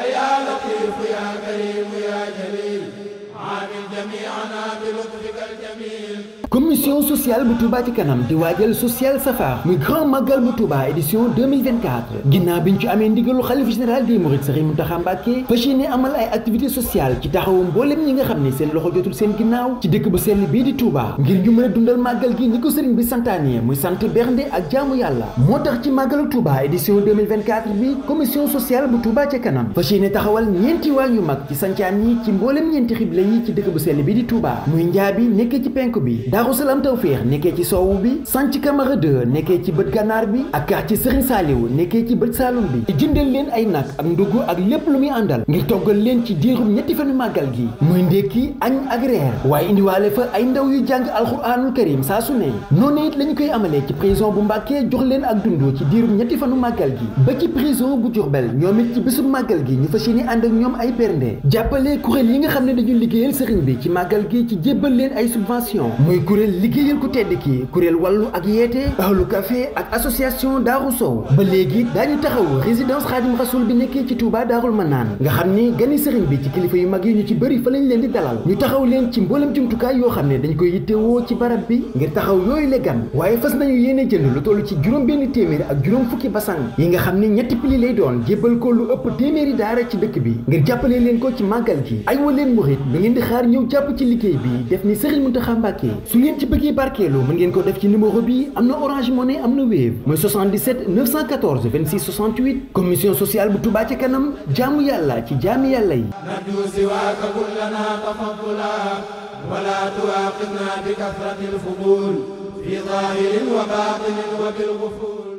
ayaa latiifu yaa kariimu yaa jaliil commission sociale bu Touba ci kanam di waajal social safar muy grand magal bu Touba édition 2024 ginnaaw bi ñu ci amee ndigalu xalifa général des mourides Serigne a Mbacké fas yéene amal ay activités sociales ci taxawu mboolem ñi nga xam ne seen loxo jotul seen ginnaaw ci dëkk bu sell bii di Touba ngir ñu mën a dundal màggal gi ni ko sëriñ bi santaane muy sant bernde ak jaamu yàlla moo tax ci màggalu Touba édition 2024 bi commission sociale bu Touba ci kanam fas yéene taxawal ñeenti waañ yu mag ci sancaan yi ci mboolem ñeenti xible rëy yi ci dëkk bu sell bi di Touba muy njaabi nekkee ci penk bi Daaru Salaam Tawféex nekkee ci soowu bi Sànc Camara 2 nekkee ci bët gànnaar bi ak quartier Serigne Saliou nekkee ci bët saalum bi te jëndal leen ay nag ak ndugg ak lépp lu muy àndal ngir toggal leen ci diirum ñetti fanu màggal gi muy ndékki añ ak reer waaye indiwaale fa ay ndaw yu jàng alxuraanul karim saa su ne noonu it lañu koy amalee ci prison bu Mbàkke jox leen ak dund ci diirum ñetti fanu màggal gi ba ci prison bu Jurbel ñoom it ci bésub gi ñu fas yéene ànd liggéeyal sa réew ci màggal gi ci jébbal leen ay subvention muy kuréel liggéeyal ku tedd ki kuréel wàllu ak yeete ahlu café ak association Daaru Sow ba léegi daañu taxaw résidence Xaadim Rasul bi nekkee ci Touba Daarul Manaan nga xam ni gani sëriñ bi ci kilifa yu mag yi ñu ci bëri fa lañ leen di dalal ñu taxaw leen ci mboolem jumtukaay yoo xam ne dañ koy yittewoo ci barab bi ngir taxaw yooyu le waaye fas nañu yéene jënd lu toll ci juróom benn téeméer ak juróom fukki basang yi nga xam ne ñetti pili lay doon jébbal ko lu ëpp téeméeri daara ci dëkk bi ngir jàppale leen ko ci màggal gi ay wa leen ngeen di xaar ñëw jàpp ci liggéey bi def ni Serigne Mountakha Mbacké su ngeen ci bëggee barkeelu mën ngeen ko def ci numéro bi am na Orange am na Wave mooy commission sociale bu Touba ci kanam jaamu yàlla ci jaami yàlla yi ولا تواخذنا بكثرة الفضول في ظاهر وباطن وبالغفور